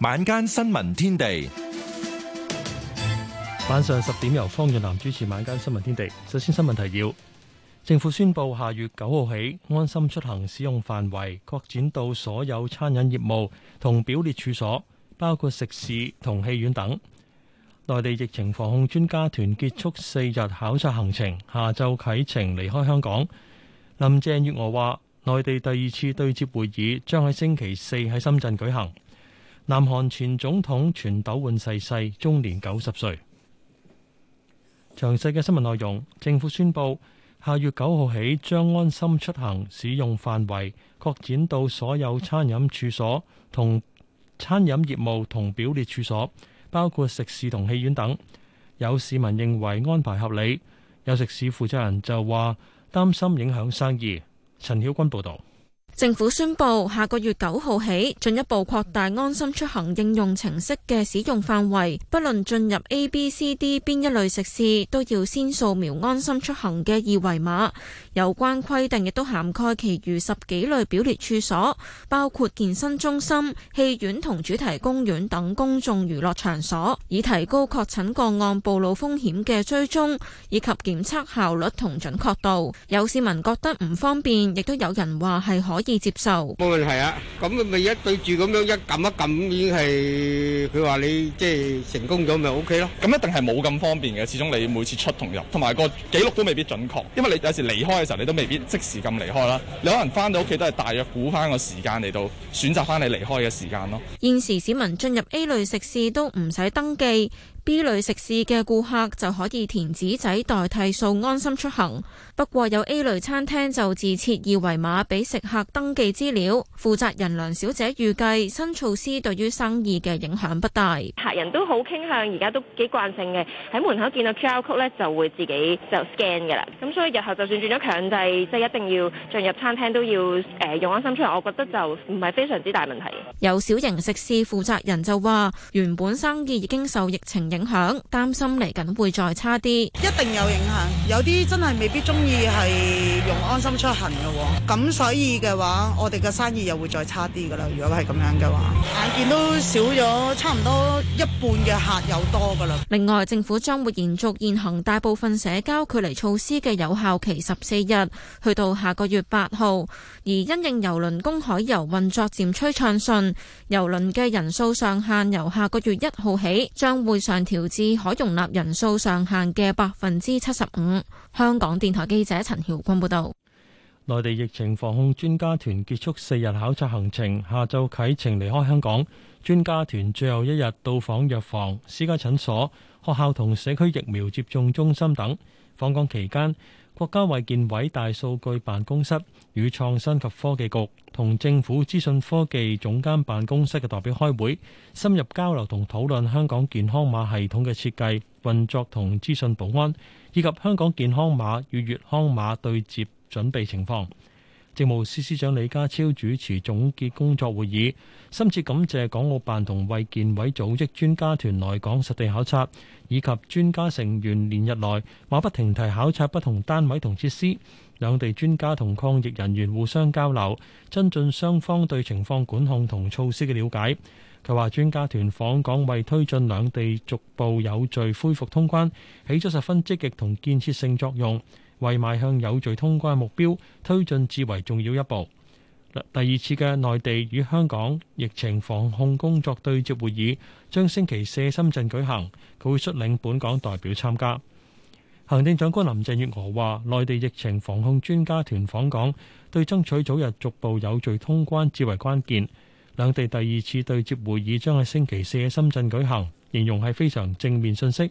晚間新聞天地，晚上十點由方潤南主持。晚間新聞天地，首先新聞提要：政府宣布下月九號起安心出行使用範圍擴展到所有餐飲業務同表列處所，包括食肆同戲院等。內地疫情防控專家團結束四日考察行程，下晝啟程離開香港。林鄭月娥話：內地第二次對接會議將喺星期四喺深圳舉行。南韓前總統全斗煥逝世，世，終年九十歲。詳細嘅新聞內容，政府宣布下月九號起將安心出行使用範圍擴展到所有餐飲處所同餐飲業務同表列處所，包括食肆同戲院等。有市民認為安排合理，有食肆負責人就話擔心影響生意。陳曉君報導。政府宣布下個月九號起，進一步擴大安心出行應用程式嘅使用範圍，不論進入 A、B、C、D 邊一類食肆，都要先掃描安心出行嘅二維碼。有關規定亦都涵蓋其餘十幾類表列處所，包括健身中心、戲院同主題公園等公眾娛樂場所，以提高確診個案暴露風險嘅追蹤以及檢測效率同準確度。有市民覺得唔方便，亦都有人話係可以。接受冇問題啊！咁咪一對住咁樣一撳一撳已經係佢話你即係成功咗咪 OK 咯？咁一定係冇咁方便嘅，始終你每次出同入，同埋個記錄都未必準確，因為你有時離開嘅時候你都未必即時咁離開啦。你可能翻到屋企都係大約估翻個時間嚟到選擇翻你離開嘅時間咯。現時市民進入 A 類食肆都唔使登記。B 類食肆嘅顧客就可以填紙仔代替掃安心出行，不過有 A 類餐廳就自設二維碼俾食客登記資料。負責人梁小姐預計新措施對於生意嘅影響不大。客人都好傾向，而家都幾慣性嘅，喺門口見到 QR code 咧就會自己就 scan 㗎喇。咁所以日後就算轉咗強制即係、就是、一定要進入餐廳都要誒、呃、用安心出行。我覺得就唔係非常之大問題。有小型食肆負責人就話：原本生意已經受疫情影影響，擔心嚟緊會再差啲，一定有影響。有啲真係未必中意係用安心出行噶，咁所以嘅話，我哋嘅生意又會再差啲噶啦。如果係咁樣嘅話，眼見都少咗差唔多一半嘅客，有多噶啦。另外，政府將會延續現行大部分社交距離措施嘅有效期十四日，去到下個月八號。而因應郵輪公海遊運作漸趨暢順，郵輪嘅人數上限由下個月一號起將會上。調至可容納人數上限嘅百分之七十五。香港電台記者陳曉君報道，內地疫情防控專家團結束四日考察行程，下晝啟程離開香港。專家團最後一日到訪藥房、私家診所、學校同社區疫苗接種中心等。訪港期間，國家衛健委大數據辦公室與創新及科技局。同政府資訊科技總監辦公室嘅代表開會，深入交流同討論香港健康碼系統嘅設計、運作同資訊保安，以及香港健康碼與粵康碼對接準備情況。政務司司長李家超主持總結工作會議，深切感謝港澳辦同衛健委組織專家團來港實地考察，以及專家成員連日來馬不停蹄考察不同單位同設施，兩地專家同抗疫人員互相交流，增進雙方對情況管控同措施嘅了解。佢話專家團訪港為推進兩地逐步有序恢復通關，起咗十分積極同建設性作用。為邁向有序通關目標，推進至為重要一步。第二次嘅內地與香港疫情防控工作對接會議，將星期四喺深圳舉行，佢會率領本港代表參加。行政長官林鄭月娥話，內地疫情防控專家團訪港，對爭取早日逐步有序通關至為關鍵。兩地第二次對接會議將喺星期四喺深圳舉行，形容係非常正面信息。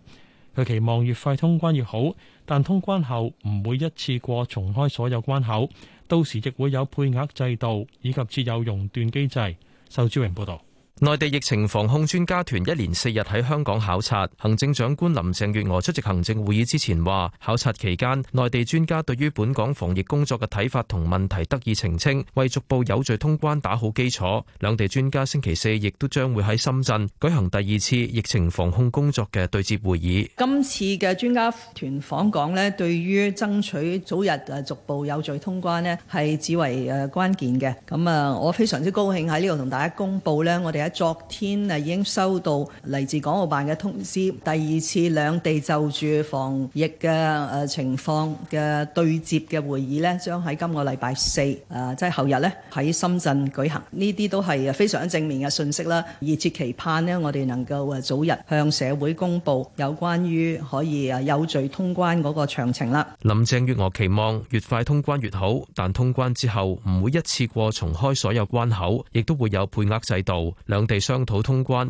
佢期望越快通關越好，但通關後唔會一次過重開所有關口，到時亦會有配額制度以及設有熔斷機制。仇志榮報導。內地疫情防控專家團一連四日喺香港考察，行政長官林鄭月娥出席行政會議之前話，考察期間內地專家對於本港防疫工作嘅睇法同問題得以澄清，為逐步有序通關打好基礎。兩地專家星期四亦都將會喺深圳舉行第二次疫情防控工作嘅對接會議。今次嘅專家團訪港咧，對於爭取早日誒逐步有序通關咧係極為誒關鍵嘅。咁啊，我非常之高興喺呢度同大家公布咧，我哋昨天啊，已經收到嚟自港澳辦嘅通知，第二次兩地就住防疫嘅誒情況嘅對接嘅會議咧，將喺今個禮拜四啊，即係後日咧喺深圳舉行。呢啲都係非常正面嘅信息啦，熱切期盼咧，我哋能夠誒早日向社會公布有關於可以誒有序通關嗰個詳情啦。林鄭月娥期望越快通關越好，但通關之後唔會一次過重開所有關口，亦都會有配額制度。兩地商討通關，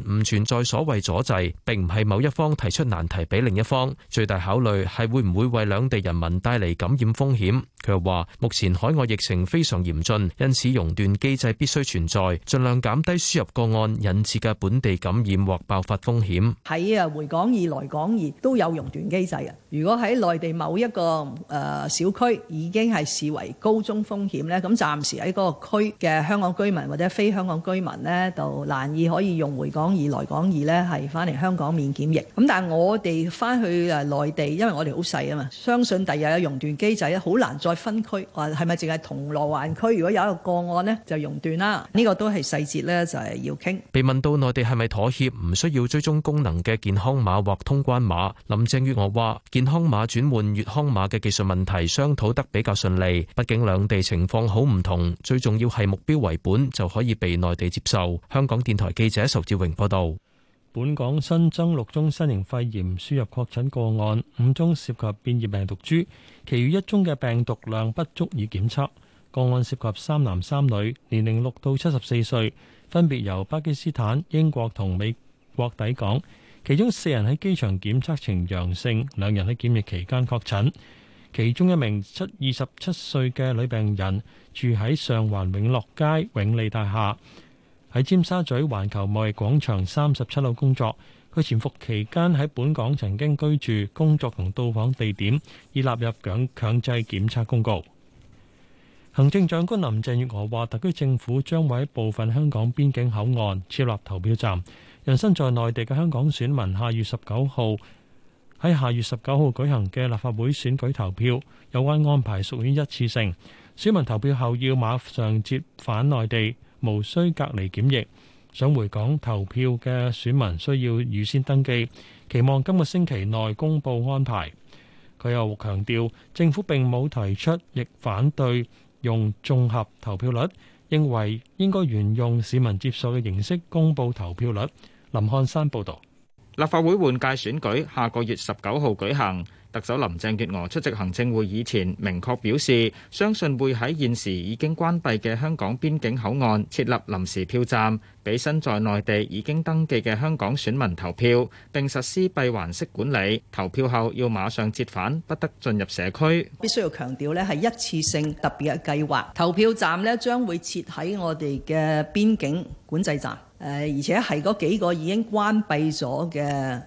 萬一可以用回港易來港易呢係翻嚟香港免檢疫。咁但係我哋翻去誒內地，因為我哋好細啊嘛，相信第日有熔斷機制，好難再分區。話係咪淨係銅鑼灣區？如果有一個個案呢，就熔斷啦。呢、這個都係細節呢，就係要傾。被問到內地係咪妥協，唔需要追蹤功能嘅健康碼或通關碼，林鄭月娥話：健康碼轉換粵康碼嘅技術問題商討得比較順利。畢竟兩地情況好唔同，最重要係目標為本，就可以被內地接受。香港。電台記者仇志榮報道，本港新增六宗新型肺炎輸入確診個案，五宗涉及變異病毒株，其餘一宗嘅病毒量不足以檢測。個案涉及三男三女，年齡六到七十四歲，分別由巴基斯坦、英國同美國抵港。其中四人喺機場檢測呈陽性，兩人喺檢疫期間確診。其中一名七二十七歲嘅女病人住喺上環永樂街永利大廈，喺尖沙咀環球貿易廣場三十七樓工作。佢潛伏期間喺本港曾經居住、工作同到訪地點，已納入強強制檢測公告。行政長官林鄭月娥話：特區政府將會喺部分香港邊境口岸設立投票站。人身在內地嘅香港選民，下月十九號喺下月十九號舉行嘅立法會選舉投票，有關安排屬於一次性。選民投票後要馬上接返內地，無需隔離檢疫，想回港投票嘅選民需要預先登記，期望今個星期內公布安排。佢又強調，政府並冇提出亦反對用綜合投票率，認為應該沿用市民接受嘅形式公布投票率。林漢山報道，立法會換屆選舉下個月十九號舉行。特首林鄭月娥出席行政會議前，明確表示，相信會喺現時已經關閉嘅香港邊境口岸設立臨時票站，俾身在內地已經登記嘅香港選民投票，並實施閉環式管理。投票後要馬上折返，不得進入社區。必須要強調呢，係一次性特別嘅計劃。投票站呢，將會設喺我哋嘅邊境管制站。誒，而且係嗰幾個已經關閉咗嘅，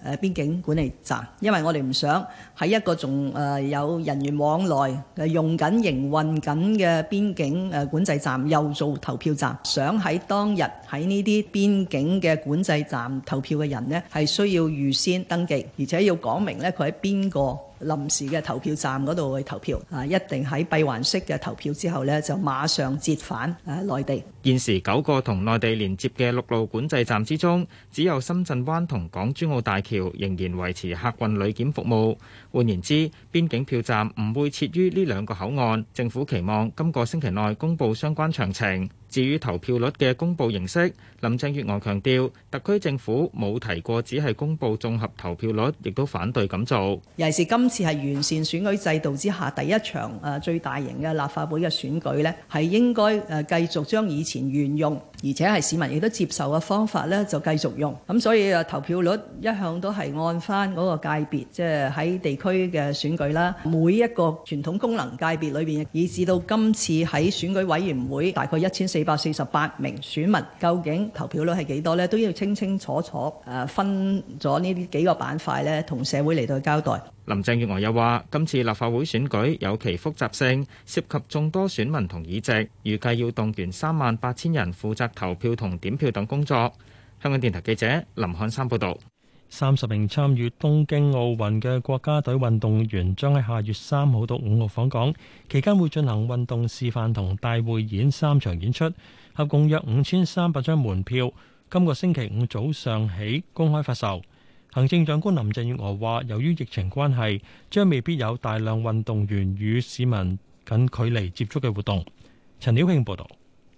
誒邊境管理站，因為我哋唔想喺一個仲，誒有人員往來、誒用緊營運緊嘅邊境誒管制站又做投票站。想喺當日喺呢啲邊境嘅管制站投票嘅人咧，係需要預先登記，而且要講明咧佢喺邊個。臨時嘅投票站嗰度去投票，啊，一定喺閉環式嘅投票之後呢，就馬上折返啊，內地。現時九個同內地連接嘅陸路管制站之中，只有深圳灣同港珠澳大橋仍然維持客運旅檢服務。換言之，邊境票站唔會設於呢兩個口岸。政府期望今個星期內公佈相關詳情。至於投票率嘅公佈形式，林鄭月娥強調，特區政府冇提過只係公佈綜合投票率，亦都反對咁做。尤其是今次係完善選舉制度之下第一場誒最大型嘅立法會嘅選舉呢，係應該誒繼續將以前沿用。而且係市民亦都接受嘅方法咧，就繼續用咁，所以啊投票率一向都係按翻嗰個界別，即係喺地區嘅選舉啦。每一個傳統功能界別裏邊，以至到今次喺選舉委員會，大概一千四百四十八名選民，究竟投票率係幾多咧？都要清清楚楚誒、呃、分咗呢啲幾個板塊咧，同社會嚟到交代。林鄭月娥又話：今次立法會選舉有其複雜性，涉及眾多選民同議席，預計要動員三萬八千人負責投票同點票等工作。香港電台記者林漢山報道。三十名參與東京奧運嘅國家隊運動員將喺下月三號到五號訪港，期間會進行運動示範同大會演三場演出，合共約五千三百張門票，今個星期五早上起公開發售。行政長官林鄭月娥話：由於疫情關係，將未必有大量運動員與市民近距離接觸嘅活動。陳曉慶報道。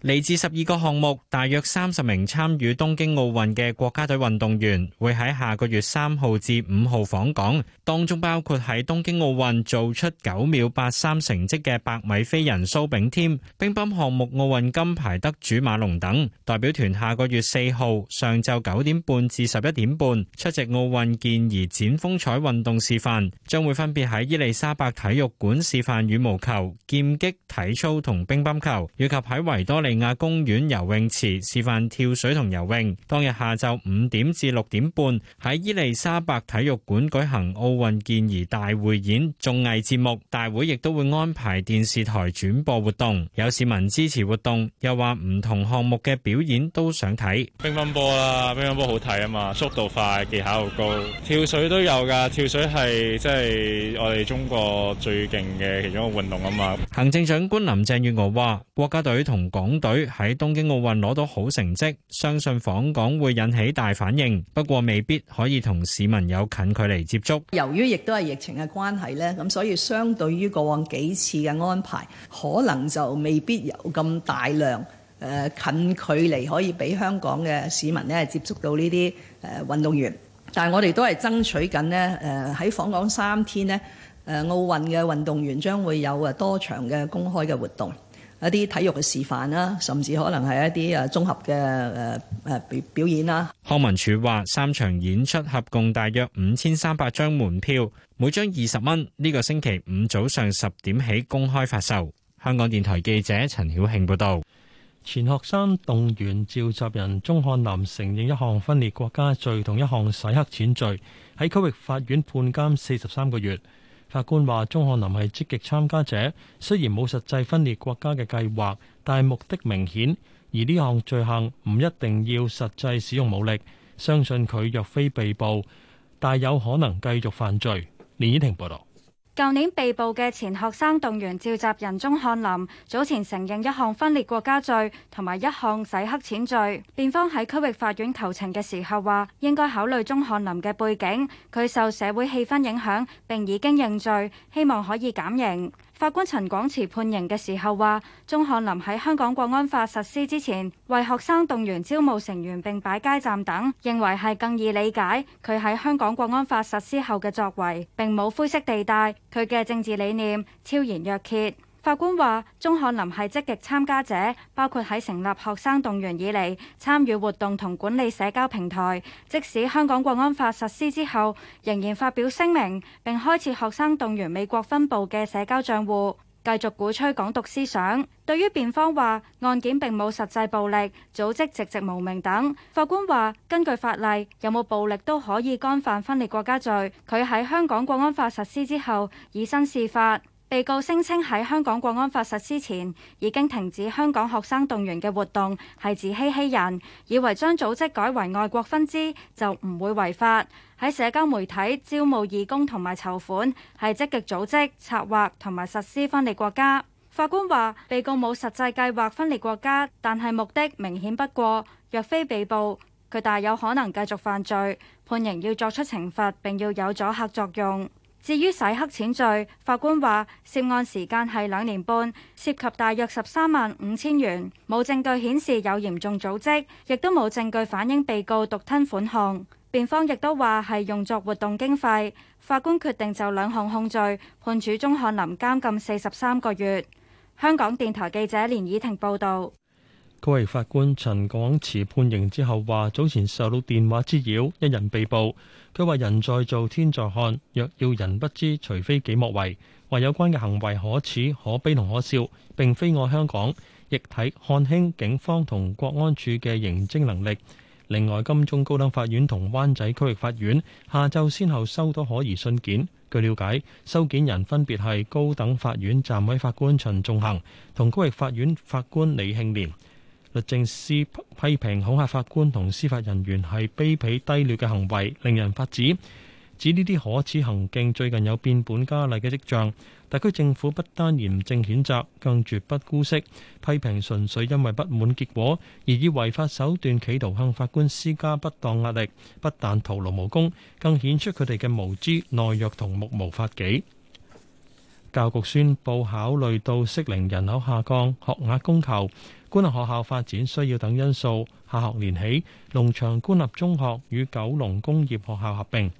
嚟自十二個項目，大約三十名參與東京奧運嘅國家隊運動員會喺下個月三號至五號訪港，當中包括喺東京奧運做出九秒八三成績嘅百米飛人蘇炳添、乒乓項目奧運金牌得主馬龍等。代表團下個月四號上晝九點半至十一點半出席奧運健兒展風采運動示範，將會分別喺伊利沙伯體育館示範羽毛球、劍擊、體操同乒乓球，以及喺維多利亞公園游泳池示範跳水同游泳。當日下晝五點至六點半喺伊麗莎白體育館舉行奧運健兒大會演，綜藝節目大會亦都會安排電視台轉播活動。有市民支持活動，又話唔同項目嘅表演都想睇。乒乓波啦，乒乓波好睇啊嘛，速度快，技巧又高。跳水都有噶，跳水係即係我哋中國最勁嘅其中一個運動啊嘛。行政長官林鄭月娥話，國家隊同港隊喺東京奧運攞到好成績，相信訪港會引起大反應。不過未必可以同市民有近距離接觸。由於亦都係疫情嘅關係呢，咁所以相對於過往幾次嘅安排，可能就未必有咁大量誒、呃、近距離可以俾香港嘅市民咧接觸到呢啲誒運動員。但係我哋都係爭取緊咧，誒喺訪港三天咧，誒奧運嘅運動員將會有誒多場嘅公開嘅活動。一啲體育嘅示範啦，甚至可能係一啲誒綜合嘅誒誒表表演啦。康文署話，三場演出合共大約五千三百張門票，每張二十蚊。呢、這個星期五早上十點起公開發售。香港電台記者陳曉慶報道。前學生動員召集人鍾翰林承認一項分裂國家罪同一項洗黑錢罪，喺區域法院判監四十三個月。法官話，鍾翰林係積極參加者，雖然冇實際分裂國家嘅計劃，但係目的明顯。而呢項罪行唔一定要實際使用武力，相信佢若非被捕，大有可能繼續犯罪。連綺婷報道。舊年被捕嘅前學生動員召集人鍾翰林，早前承認一項分裂國家罪同埋一項洗黑錢罪。辯方喺區域法院求情嘅時候話，應該考慮鍾翰林嘅背景，佢受社會氣氛影響，並已經認罪，希望可以減刑。法官陳廣池判刑嘅時候話，鍾翰林喺香港國安法實施之前為學生動員招募成員並擺街站等，認為係更易理解佢喺香港國安法實施後嘅作為，並冇灰色地帶。佢嘅政治理念昭然若揭。法官話，鍾漢林係積極參加者，包括喺成立學生動員以嚟參與活動同管理社交平台。即使香港國安法實施之後，仍然發表聲明並開設學生動員美國分部嘅社交賬戶，繼續鼓吹港獨思想。對於辯方話案件並冇實際暴力、組織籍籍無名等，法官話根據法例，有冇暴力都可以干犯分裂國家罪。佢喺香港國安法實施之後以身試法。被告聲稱喺香港國安法實施前已經停止香港學生動員嘅活動，係自欺欺人，以為將組織改為外國分支就唔會違法。喺社交媒體招募義工同埋籌款，係積極組織策劃同埋實施分裂國家。法官話：被告冇實際計劃分裂國家，但係目的明顯不過。若非被捕，佢大有可能繼續犯罪，判刑要作出懲罰並要有阻嚇作用。至於洗黑錢罪，法官話涉案時間係兩年半，涉及大約十三萬五千元，冇證據顯示有嚴重組織，亦都冇證據反映被告獨吞款項。辯方亦都話係用作活動經費。法官決定就兩項控罪判處鍾漢林監禁四十三個月。香港電台記者連以婷報導。該位法官陳廣慈判刑之後話：早前受到電話滋擾，一人被捕。佢話：人在做，天在看。若要人不知，除非己莫為。話有關嘅行為可恥、可悲同可笑，並非愛香港。亦睇看輕警方同國安處嘅刑偵能力。另外，金鐘高等法院同灣仔區域法院下晝先後收到可疑信件。據了解，收件人分別係高等法院暫委法官陳仲恒同區域法院法官李慶連。律政司批評恐嚇法官同司法人員係卑鄙低劣嘅行為，令人髮指。指呢啲可恥行徑最近有變本加厲嘅跡象。特區政府不單嚴正譴責，更絕不姑息。批評純粹因為不滿結果而以違法手段企圖向法官施加不當壓力，不但徒勞無功，更顯出佢哋嘅無知、懦弱同目無法紀。教育局宣布考慮到適齡人口下降、學額供求、官立學校發展需要等因素，下學年起，龍翔官立中學與九龍工業學校合併，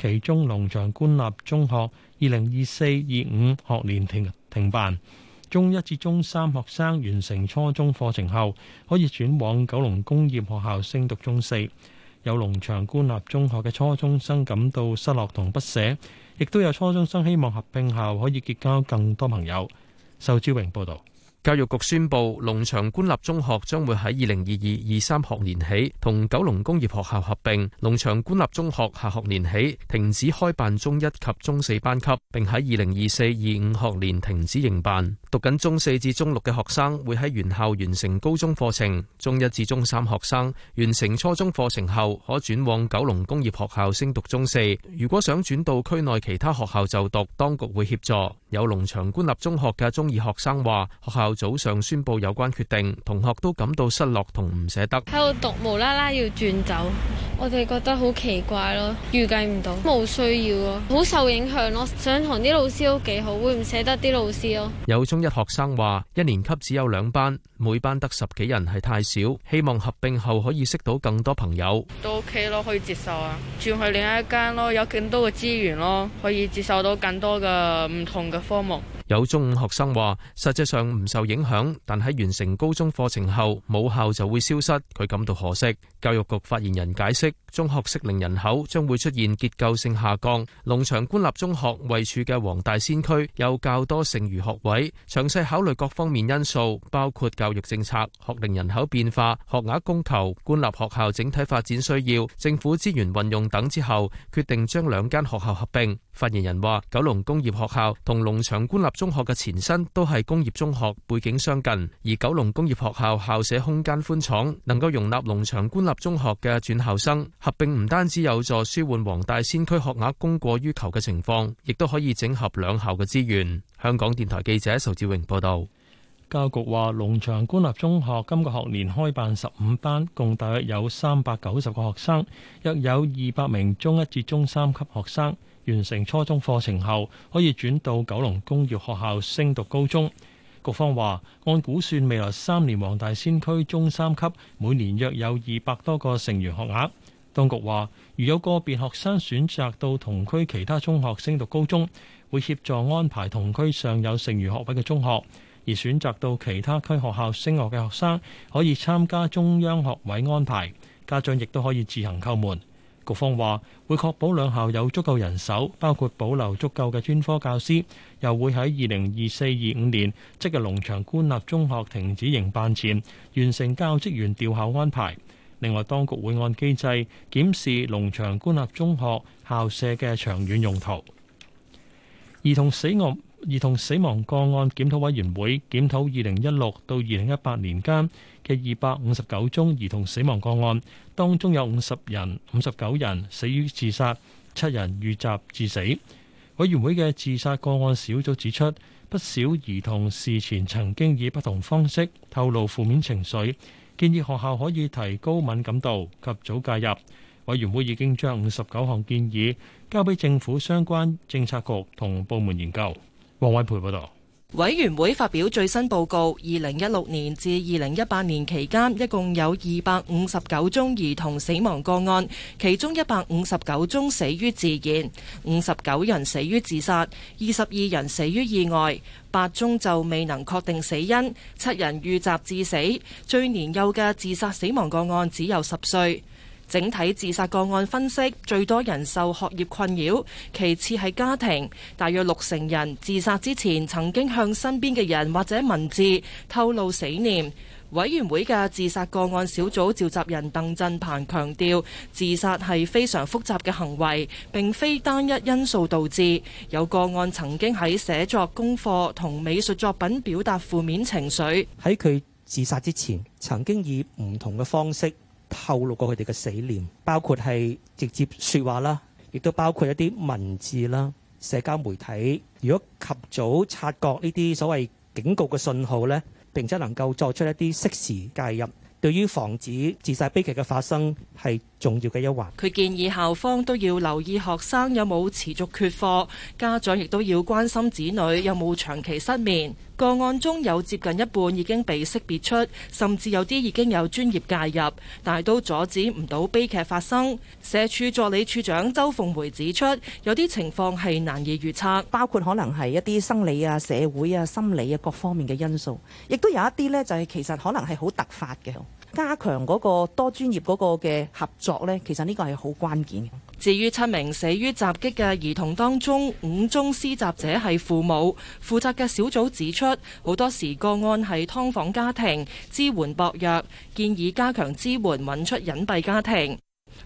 其中龍翔官立中學二零二四、二五學年停停辦，中一至中三學生完成初中課程後，可以轉往九龍工業學校升讀中四。有龍翔官立中學嘅初中生感到失落同不捨，亦都有初中生希望合併後可以結交更多朋友。仇志榮報導。教育局宣布，龍翔官立中學將會喺二零二二二三學年起同九龍工業學校合併。龍翔官立中學下學年起停止開辦中一及中四班級，並喺二零二四二五學年停止營辦。讀緊中四至中六嘅學生會喺原校完成高中課程，中一至中三學生完成初中課程後可轉往九龍工業學校升讀中四。如果想轉到區內其他學校就讀，當局會協助。有龍翔官立中學嘅中二學生話，學校早上宣布有關決定，同學都感到失落同唔捨得。喺度讀無啦啦要轉走，我哋覺得好奇怪咯，預計唔到，冇需要咯，好受影響咯。想同啲老師都幾好，會唔捨得啲老師咯。有中一學生話：一年級只有兩班，每班得十幾人係太少，希望合併後可以識到更多朋友。都 OK 咯，可以接受啊，轉去另一間咯，有更多嘅資源咯，可以接受到更多嘅唔同嘅科目。有中五學生話：實際上唔受影響，但喺完成高中課程後，母校就會消失，佢感到可惜。教育局發言人解釋。中學適齡人口將會出現結構性下降。龍翔官立中學位處嘅黃大仙區有較多剩餘學位，詳細考慮各方面因素，包括教育政策、學齡人口變化、學額供求、官立學校整體發展需要、政府資源運用等之後，決定將兩間學校合併。發言人話：九龍工業學校同龍翔官立中學嘅前身都係工業中學，背景相近，而九龍工業學校校舍空間寬敞，能夠容納龍翔官立中學嘅轉校生。合併唔單止有助舒緩黃大仙區學額供過於求嘅情況，亦都可以整合兩校嘅資源。香港電台記者仇志榮報道。教局話，龍翔官立中學今個學年開辦十五班，共大約有三百九十個學生，約有二百名中一至中三級學生完成初中課程後可以轉到九龍工業學校升讀高中。局方話，按估算，未來三年黃大仙區中三級每年約有二百多個成員學額。當局話，如有個別學生選擇到同區其他中學升讀高中，會協助安排同區尚有剩餘學位嘅中學；而選擇到其他區學校升學嘅學生，可以參加中央學位安排。家長亦都可以自行叩門。局方話，會確保兩校有足夠人手，包括保留足夠嘅專科教師，又會喺二零二四、二五年即日龍翔官立中學停止營辦前，完成教職員調校安排。另外，當局會按機制檢視龍翔官立中學校舍嘅長遠用途。兒童死亡，兒童死亡個案檢討委員會檢討2016到2018年間嘅259宗兒童死亡個案，當中有50人、59人死於自殺，七人遇襲致死。委員會嘅自殺個案小組指出，不少兒童事前曾經以不同方式透露負面情緒。建議學校可以提高敏感度，及早介入。委員會已經將五十九項建議交畀政府相關政策局同部門研究。王偉培報導。委員會發表最新報告，二零一六年至二零一八年期間，一共有二百五十九宗兒童死亡個案，其中一百五十九宗死於自然，五十九人死於自殺，二十二人死於意外，八宗就未能確定死因，七人遇襲致死。最年幼嘅自殺死亡個案只有十歲。整體自殺個案分析最多人受學業困擾，其次係家庭。大約六成人自殺之前曾經向身邊嘅人或者文字透露死念。委員會嘅自殺個案小組召集人鄧振鵬強調，自殺係非常複雜嘅行為，並非單一因素導致。有個案曾經喺寫作功課同美術作品表達負面情緒。喺佢自殺之前，曾經以唔同嘅方式透露過佢哋嘅死念，包括係直接說話啦，亦都包括一啲文字啦、社交媒體，如果及早察覺呢啲所謂警告嘅信號咧，並且能夠作出一啲適時介入，對於防止自殺悲劇嘅發生係。重要嘅憂患。佢建議校方都要留意學生有冇持續缺課，家長亦都要關心子女有冇長期失眠。個案中有接近一半已經被識別出，甚至有啲已經有專業介入，但係都阻止唔到悲劇發生。社署助理處長周鳳梅指出，有啲情況係難以預測，包括可能係一啲生理啊、社會啊、心理啊各方面嘅因素，亦都有一啲呢，就係其實可能係好突發嘅。加強嗰個多專業嗰個嘅合作呢，其實呢個係好關鍵。至於七名死於襲擊嘅兒童當中，五宗施襲者係父母。負責嘅小組指出，好多時個案係劏房家庭，支援薄弱，建議加強支援，揾出隱蔽家庭。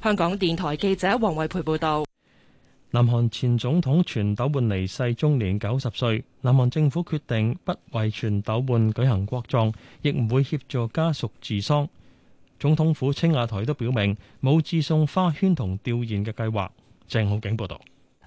香港電台記者黃慧培報道：「南韓前總統全斗煥離世，終年九十歲。南韓政府決定不為全斗煥舉行國葬，亦唔會協助家屬治喪。總統府青瓦台都表明冇致送花圈同吊唁嘅計劃。鄭浩景報道。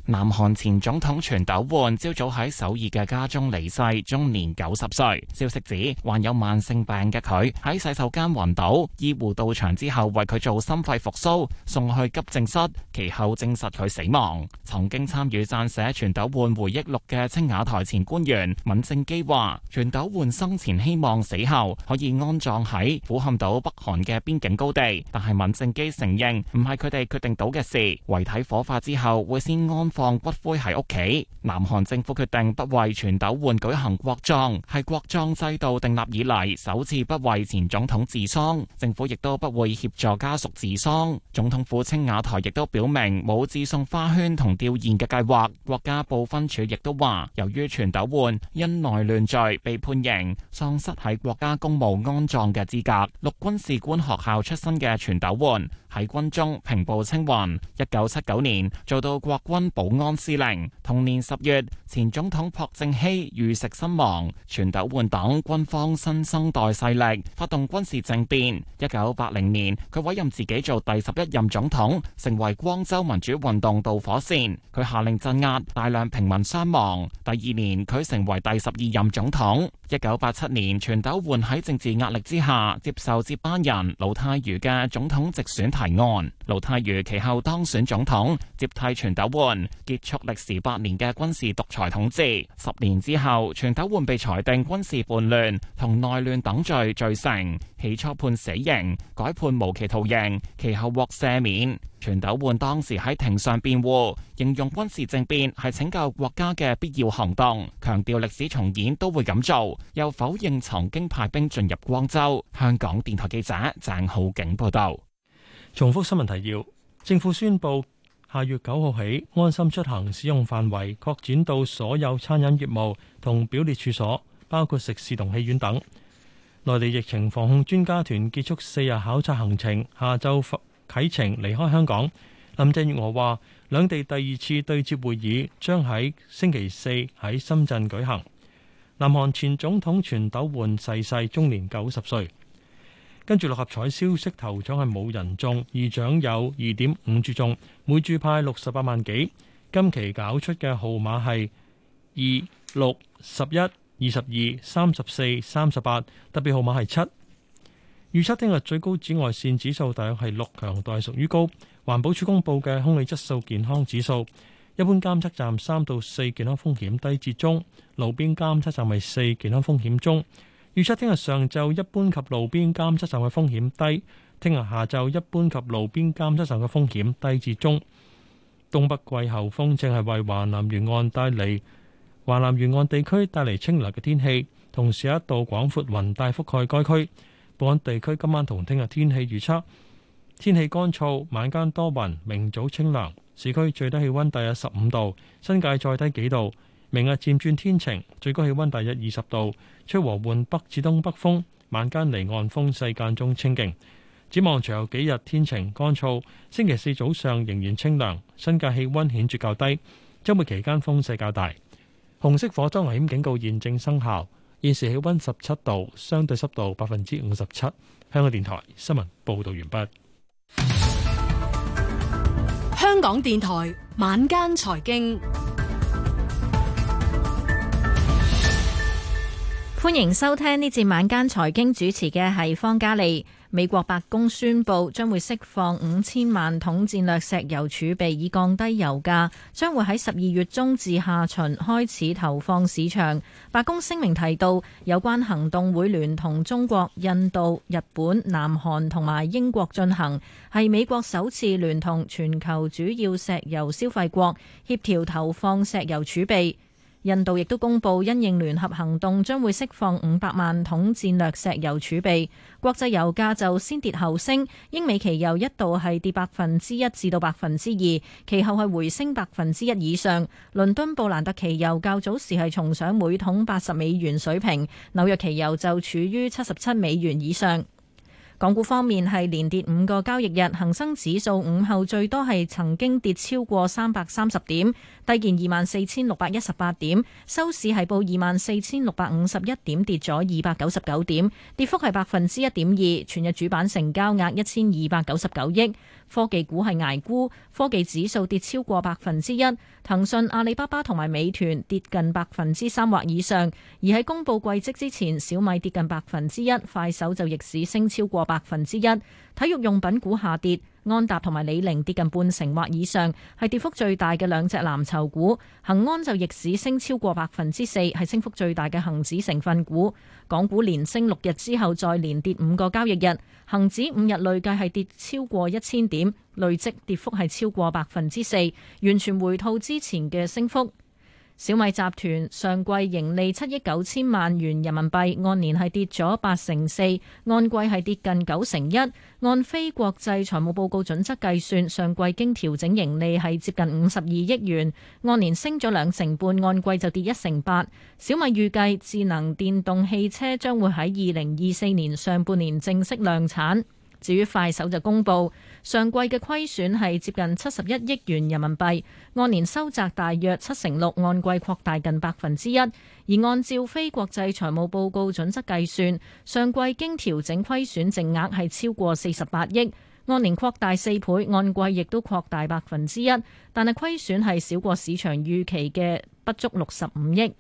南韓前總統全斗煥朝早喺首爾嘅家中離世，終年九十歲。消息指患有慢性病嘅佢喺洗手間暈倒，醫護到場之後為佢做心肺復蘇，送去急症室，其後證實佢死亡。曾經參與撰寫全斗煥回憶錄嘅青瓦台前官員閔正基話，全斗煥生前希望死後可以安葬喺俯瞰到北韓嘅邊境高地，但係閔正基承認唔係佢哋決定到嘅事。遺體火化之後會先安放骨灰喺屋企。南韓政府決定不為全斗煥舉行國葬，係國葬制度訂立以嚟，首次不為前總統治喪。政府亦都不會協助家屬治喪。總統府青瓦台亦都表明冇致送花圈同吊唁嘅計劃。國家部分署亦都話，由於全斗煥因內亂罪被判刑，喪失喺國家公墓安葬嘅資格。陸軍士官學校出身嘅全斗煥。喺軍中平步青雲，一九七九年做到國軍保安司令。同年十月，前總統朴正熙遇刺身亡，全斗煥等軍方新生代勢力發動軍事政變。一九八零年，佢委任自己做第十一任總統，成為光州民主運動導火線。佢下令鎮壓，大量平民傷亡。第二年，佢成為第十二任總統。一九八七年，全斗煥喺政治壓力之下接受接班人盧泰愚嘅總統直選。提案。盧泰愚其後當選總統，接替全斗煥，結束歷時八年嘅軍事獨裁統治。十年之後，全斗煥被裁定軍事叛亂同內亂等罪罪成，起初判死刑，改判無期徒刑，其後獲赦免。全斗煥當時喺庭上辯護，形容軍事政變係拯救國家嘅必要行動，強調歷史重演都會咁做，又否認曾經派兵進入光州。香港電台記者鄭浩景報道。重複新聞提要，政府宣布下月9號起，安心出行使用範圍擴展到所有餐飲業務同表列處所，包括食肆同戲院等。內地疫情防控專家團結束四日考察行程，下晝啟程離開香港。林鄭月娥話，兩地第二次對接會議將喺星期四喺深圳舉行。南韓前總統全斗煥逝世，終年90歲。跟住六合彩消息，頭獎係冇人中，二獎有二點五注中，每注派六十八萬幾。今期搞出嘅號碼係二、六、十一、二十二、三十四、三十八，特別號碼係七。預測聽日最高紫外線指數大約係六強度，係屬於高。環保署公佈嘅空氣質素健康指數，一般監測站三到四健康風險低至中，路邊監測站係四健康風險中。預測聽日上晝一般及路邊監測站嘅風險低，聽日下晝一般及路邊監測站嘅風險低至中。東北季候風正係為華南沿岸帶嚟，華南沿岸地區帶嚟清涼嘅天氣，同時有一道廣闊雲帶覆蓋該區。本港地區今晚同聽日天氣預測，天氣乾燥，晚間多雲，明早清涼。市區最低氣溫大約十五度，新界再低幾度。明日漸轉天晴，最高氣溫大約二十度，吹和緩北至東北風，晚間離岸風勢間中清勁。展望隨後幾日天晴乾燥，星期四早上仍然清涼，新界氣溫顯著較低。周末期間風勢較大，紅色火災危險警告現正生效。現時氣溫十七度，相對濕度百分之五十七。香港電台新聞報道完畢。香港電台晚間財經。歡迎收聽呢節晚間財經，主持嘅係方嘉利。美國白宮宣佈將會釋放五千萬桶戰略石油儲備，以降低油價，將會喺十二月中至下旬開始投放市場。白宮聲明提到，有關行動會聯同中國、印度、日本、南韓同埋英國進行，係美國首次聯同全球主要石油消費國協調投放石油儲備。印度亦都公布，因應聯合行動，將會釋放五百萬桶戰略石油儲備。國際油價就先跌後升，英美期油一度係跌百分之一至到百分之二，其後係回升百分之一以上。倫敦布蘭特期油較早時係重上每桶八十美元水平，紐約期油就處於七十七美元以上。港股方面係連跌五個交易日，恒生指數午後最多係曾經跌超過三百三十點，低見二萬四千六百一十八點，收市係報二萬四千六百五十一點，跌咗二百九十九點，跌幅係百分之一點二，全日主板成交額一千二百九十九億。科技股係挨沽，科技指數跌超過百分之一，騰訊、阿里巴巴同埋美團跌近百分之三或以上，而喺公布季績之前，小米跌近百分之一，快手就逆市升超過百分之一，體育用品股下跌。安踏同埋李寧跌近半成或以上，係跌幅最大嘅兩隻藍籌股。恒安就逆市升超過百分之四，係升幅最大嘅恒指成分股。港股連升六日之後，再連跌五個交易日，恒指五日累計係跌超過一千點，累積跌幅係超過百分之四，完全回吐之前嘅升幅。小米集團上季盈利七億九千萬元人民幣，按年係跌咗八成四，按季係跌近九成一。按非國際財務報告準則計算，上季經調整盈利係接近五十二億元，按年升咗兩成半，按季就跌一成八。小米預計智能電動汽車將會喺二零二四年上半年正式量產。至於快手就公布，上季嘅虧損係接近七十一億元人民幣，按年收窄大約七成六，按季擴大近百分之一。而按照非國際財務報告準則計算，上季經調整虧損淨額係超過四十八億，按年擴大四倍，按季亦都擴大百分之一。但係虧損係少過市場預期嘅不足六十五億。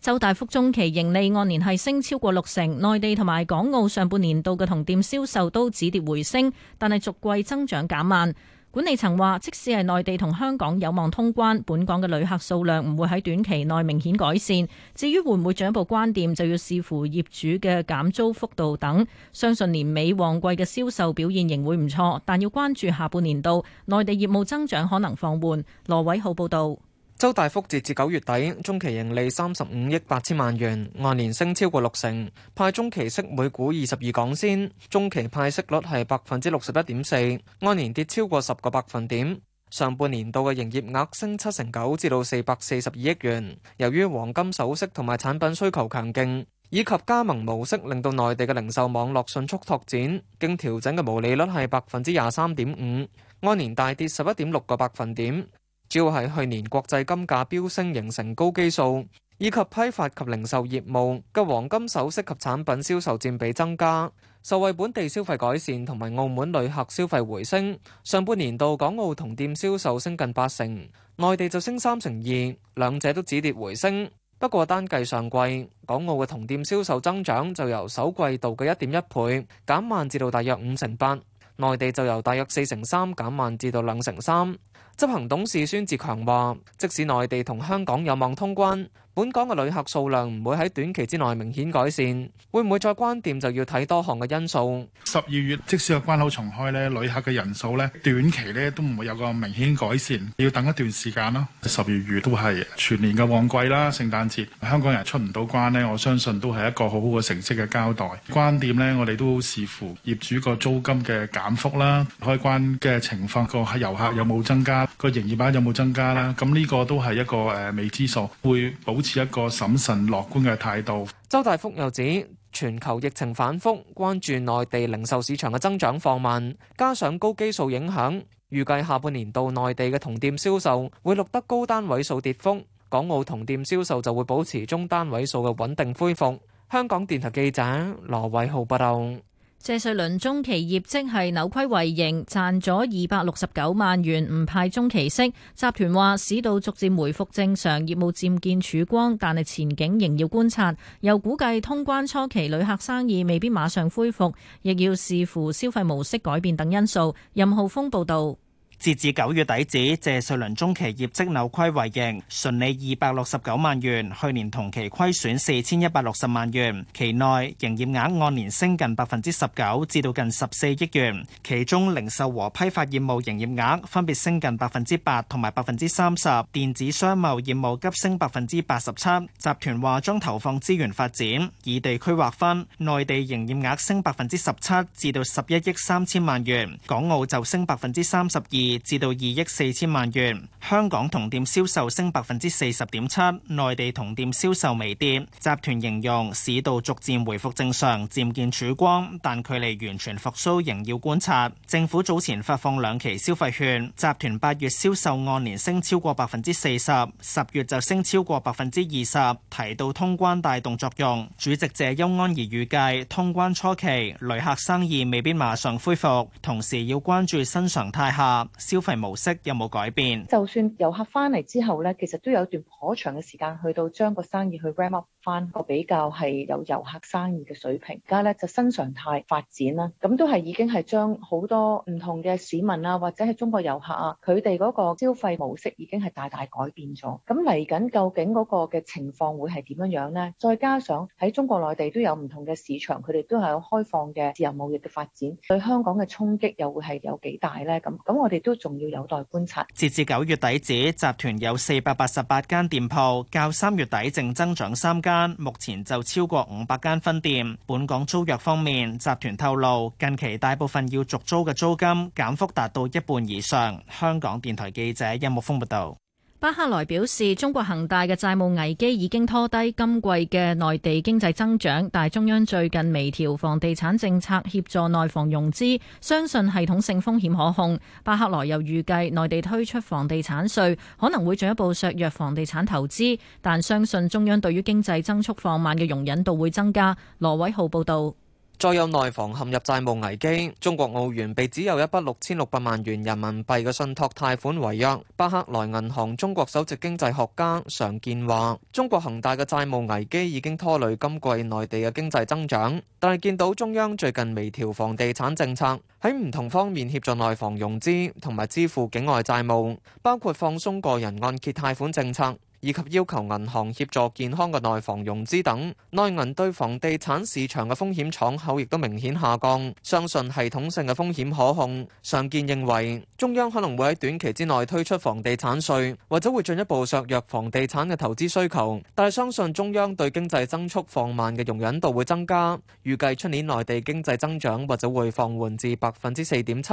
周大福中期盈利按年係升超過六成，內地同埋港澳上半年度嘅同店銷售都止跌回升，但係逐季增長減慢。管理層話，即使係內地同香港有望通關，本港嘅旅客數量唔會喺短期內明顯改善。至於會唔會進一步關店，就要視乎業主嘅減租幅度等。相信年尾旺季嘅銷售表現仍會唔錯，但要關注下半年度內地業務增長可能放緩，羅偉浩報道。周大福截至九月底中期盈利三十五億八千萬元，按年升超過六成，派中期息每股二十二港仙，中期派息率係百分之六十一點四，按年跌超過十個百分點。上半年度嘅營業額升七成九，至到四百四十二億元。由於黃金首飾同埋產品需求強勁，以及加盟模式令到內地嘅零售網絡迅速拓展，經調整嘅毛利率係百分之廿三點五，按年大跌十一點六個百分點。主要係去年國際金價飆升形成高基數，以及批發及零售業務嘅黃金首飾及產品銷售佔比增加，受惠本地消費改善同埋澳門旅客消費回升，上半年度港澳同店銷售升近八成，內地就升三成二，兩者都止跌回升。不過單計上季，港澳嘅同店銷售增長就由首季度嘅一點一倍減慢至到大約五成八，內地就由大約四成三減慢至到兩成三。執行董事孫志強話，即使內地同香港有望通關，本港嘅旅客數量唔會喺短期之內明顯改善，會唔會再關店就要睇多項嘅因素。十二月即使係關口重開咧，旅客嘅人數咧短期咧都唔會有個明顯改善，要等一段時間咯。十二月都係全年嘅旺季啦，聖誕節香港人出唔到關咧，我相信都係一個好好嘅成績嘅交代。關店咧，我哋都視乎業主個租金嘅減幅啦，開關嘅情況個遊客有冇增加，個營業額有冇增加啦。咁呢個都係一個誒未知數，會保。保持一個審慎樂觀嘅態度。周大福又指，全球疫情反覆，關注內地零售市場嘅增長放慢，加上高基數影響，預計下半年度內地嘅同店銷售會錄得高單位數跌幅，港澳同店銷售就會保持中單位數嘅穩定恢復。香港電台記者羅偉浩報道。謝瑞麟中期業績係扭虧為盈，賺咗二百六十九萬元，唔派中期息。集團話市道逐漸回復正常，業務漸見曙光，但係前景仍要觀察。又估計通關初期旅客生意未必馬上恢復，亦要視乎消費模式改變等因素。任浩峰報道。截至九月底止，謝瑞麟中期業績扭虧為盈，純利二百六十九萬元，去年同期虧損四千一百六十萬元。期內，營業額按年升近百分之十九，至到近十四億元。其中，零售和批發業務營業額分別升近百分之八同埋百分之三十，電子商貿業務急升百分之八十七。集團話將投放資源發展。以地區劃分，內地營業額升百分之十七，至到十一億三千萬元；港澳就升百分之三十二。至到二億四千萬元，香港同店銷售升百分之四十點七，內地同店銷售微跌。集團形容市道逐漸回復正常，漸見曙光，但距離完全復蘇仍要觀察。政府早前發放兩期消費券，集團八月銷售按年升超過百分之四十，十月就升超過百分之二十，提到通關帶動作用。主席謝邱安怡預計，通關初期旅客生意未必馬上恢復，同時要關注新常態下消費模式有冇改變？就算遊客翻嚟之後咧，其實都有段頗長嘅時間去到將個生意去 ramp up。翻個比較係有遊客生意嘅水平，而家咧就新常態發展啦，咁都係已經係將好多唔同嘅市民啦、啊，或者係中國遊客啊，佢哋嗰個消費模式已經係大大改變咗。咁嚟緊究竟嗰個嘅情況會係點樣樣呢？再加上喺中國內地都有唔同嘅市場，佢哋都係有開放嘅自由貿易嘅發展，對香港嘅衝擊又會係有幾大呢？咁咁我哋都仲要有待觀察。截至九月底止，集團有四百八十八間店鋪，較三月底正增長三間。目前就超過五百間分店。本港租約方面，集團透露近期大部分要續租嘅租金減幅達到一半以上。香港電台記者任木豐報道。巴克萊表示，中國恒大嘅債務危機已經拖低今季嘅內地經濟增長，但中央最近微調房地產政策，協助內房融資，相信系統性風險可控。巴克萊又預計內地推出房地產稅可能會進一步削弱房地產投資，但相信中央對於經濟增速放慢嘅容忍度會增加。羅偉浩報道。再有內房陷入債務危機，中國奧園被指有一筆六千六百萬元人民幣嘅信託貸款違約，巴克萊銀行中國首席經濟學家常健話，中國恒大嘅債務危機已經拖累今季內地嘅經濟增長，但係見到中央最近微調房地產政策，喺唔同方面協助內房融資同埋支付境外債務，包括放鬆個人按揭貸款政策。以及要求銀行協助健康嘅內房融資等，內銀對房地產市場嘅風險敞口亦都明顯下降，相信系統性嘅風險可控。常健認為中央可能會喺短期之內推出房地產稅，或者會進一步削弱房地產嘅投資需求，但係相信中央對經濟增速放慢嘅容忍度會增加，預計出年內地經濟增長或者會放緩至百分之四點七。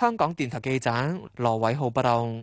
香港電台記者羅偉浩報道。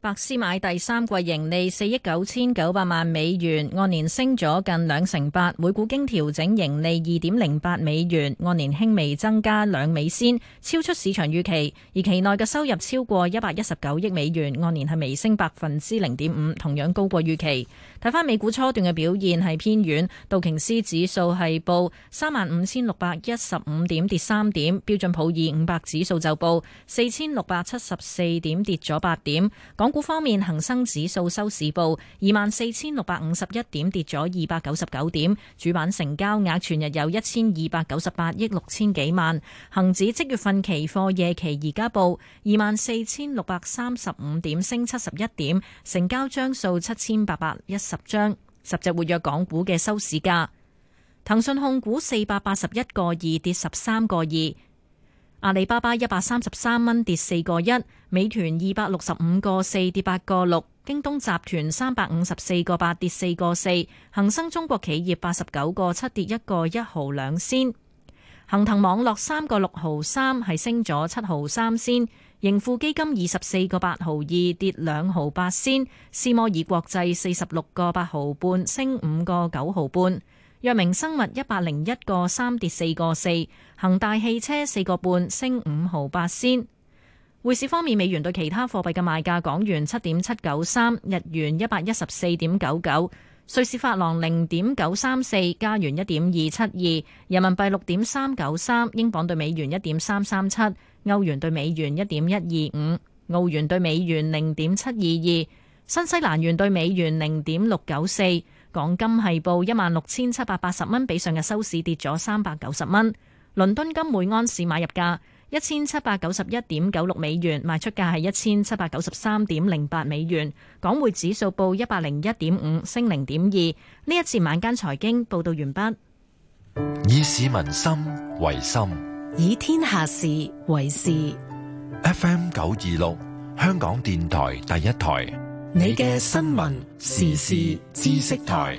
百思買第三季盈利四億九千九百萬美元，按年升咗近兩成八，每股經調整盈利二點零八美元，按年輕微增加兩美仙，超出市場預期。而期內嘅收入超過一百一十九億美元，按年係微升百分之零點五，同樣高過預期。睇翻美股初段嘅表現係偏軟，道瓊斯指數係報三萬五千六百一十五點，跌三點，標準普爾五百指數就報四千六百七十四點，跌咗八點，港港股方面，恒生指數收市報二萬四千六百五十一點，跌咗二百九十九點。主板成交額全日有一千二百九十八億六千幾萬。恒指即月份期貨夜期而家報二萬四千六百三十五點，升七十一點，成交張數七千八百一十張。十隻活躍港股嘅收市價，騰訊控股四百八十一個二跌十三個二。阿里巴巴一百三十三蚊跌四個一，美團二百六十五個四跌八個六，京東集團三百五十四個八跌四個四，恒生中國企業八十九個七跌一個一毫兩仙，恒騰網絡三個六毫三係升咗七毫三仙，盈富基金二十四個八毫二跌兩毫八仙，斯摩爾國際四十六個八毫半升五個九毫半。藥明生物一百零一個三跌四個四，恒大汽車四個半升五毫八仙。匯市方面，美元對其他貨幣嘅賣價：港元七點七九三，日元一百一十四點九九，瑞士法郎零點九三四，加元一點二七二，人民幣六點三九三，英鎊兌美元一點三三七，歐元兌美元一點一二五，澳元兌美元零點七二二，新西蘭元兌美元零點六九四。港金係報一萬六千七百八十蚊，比上日收市跌咗三百九十蚊。倫敦金每安士買入價一千七百九十一點九六美元，賣出價係一千七百九十三點零八美元。港匯指數報一百零一點五，升零點二。呢一次晚間財經報道完畢。以市民心為心，以天下事為事。FM 九二六，香港電台第一台。你嘅新聞時事知識台，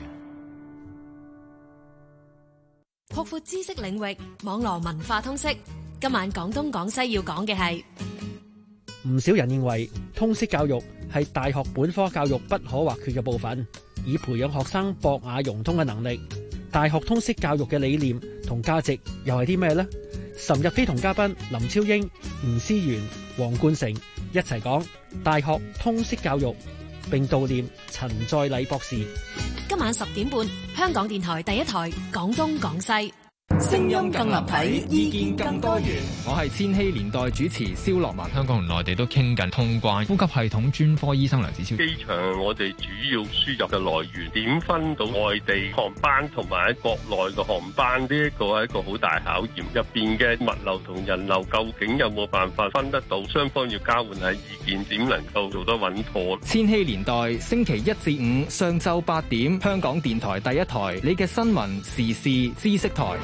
擴闊知識領域，網羅文化通識。今晚講東講西要講嘅係，唔少人認為通識教育係大學本科教育不可或缺嘅部分，以培養學生博雅融通嘅能力。大學通識教育嘅理念同價值又係啲咩呢？岑日飛同嘉賓林超英、吳思源、黃冠成一齊講大學通識教育。並悼念陳在禮博士。今晚十點半，香港電台第一台《講東講西》。聲音更立體，意見更多元。我係千禧年代主持蕭樂文，香港同內地都傾緊通關。呼吸系統專科醫生梁子超，機場我哋主要輸入嘅來源，點分到外地航班同埋喺國內嘅航班呢？一個係一個好大考驗。入邊嘅物流同人流，究竟有冇辦法分得到？雙方要交換下意見，點能夠做得穩妥？千禧年代星期一至五上晝八點，香港電台第一台，你嘅新聞時事知識台。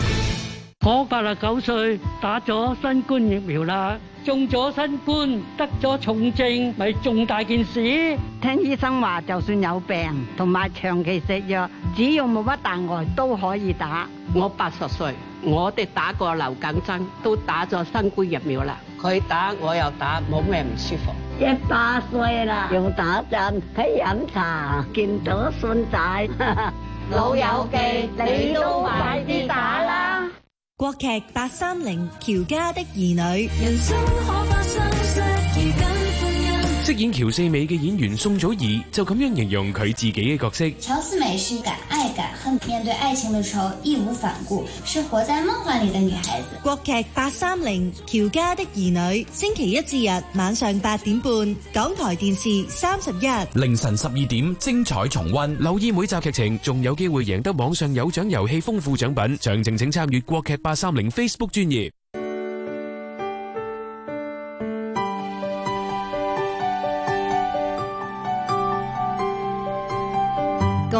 我八十九歲，打咗新冠疫苗啦，中咗新冠，得咗重症，咪重大件事？聽醫生話，就算有病，同埋長期食藥，只要冇乜大礙，都可以打。我八十歲，我哋打過流感針，都打咗新冠疫苗啦。佢打，我又打，冇咩唔舒服。一百歲啦，用打針，去飲茶見到孫仔。 老友記，你都快啲打啦！國劇八三零，喬家的兒女。人生可信飾演喬四美嘅演員宋祖兒就咁樣形容佢自己嘅角色：喬四美是敢愛敢恨，面對愛情的時候義無反顧，是活在夢幻裏的女孩子。國劇八三零《喬家的兒女》，星期一至日晚上八點半，港台電視三十一凌晨十二點，精彩重溫。留意每集劇情，仲有機會贏得網上有獎遊戲豐富獎品。詳情請參閱國劇八三零 Facebook 專頁。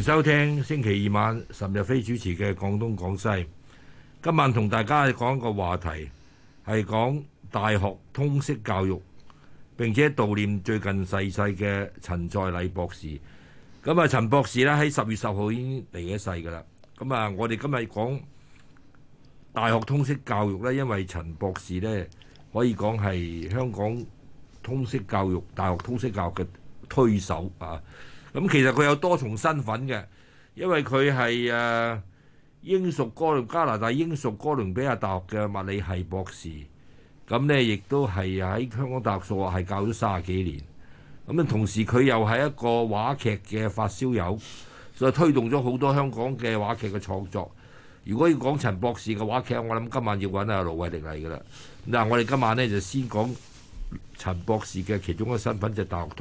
收聽星期二晚岑日飛主持嘅《廣東廣西》，今晚同大家講個話題，係講大學通識教育，並且悼念最近逝世嘅陳在禮博士。咁啊，陳博士呢，喺十月十號已經離世噶啦。咁啊，我哋今日講大學通識教育呢，因為陳博士呢，可以講係香港通識教育、大學通識教育嘅推手啊。咁其實佢有多重身份嘅，因為佢係誒英屬哥倫加拿大英屬哥倫比亞大學嘅物理系博士，咁呢亦都係喺香港大學數學系教咗三十幾年。咁、嗯、同時佢又係一個話劇嘅發燒友，所以推動咗好多香港嘅話劇嘅創作。如果要講陳博士嘅話劇，我諗今晚要揾阿盧偉力嚟㗎喇。嗱，我哋今晚呢，就先講陳博士嘅其中一個身份就係、大學。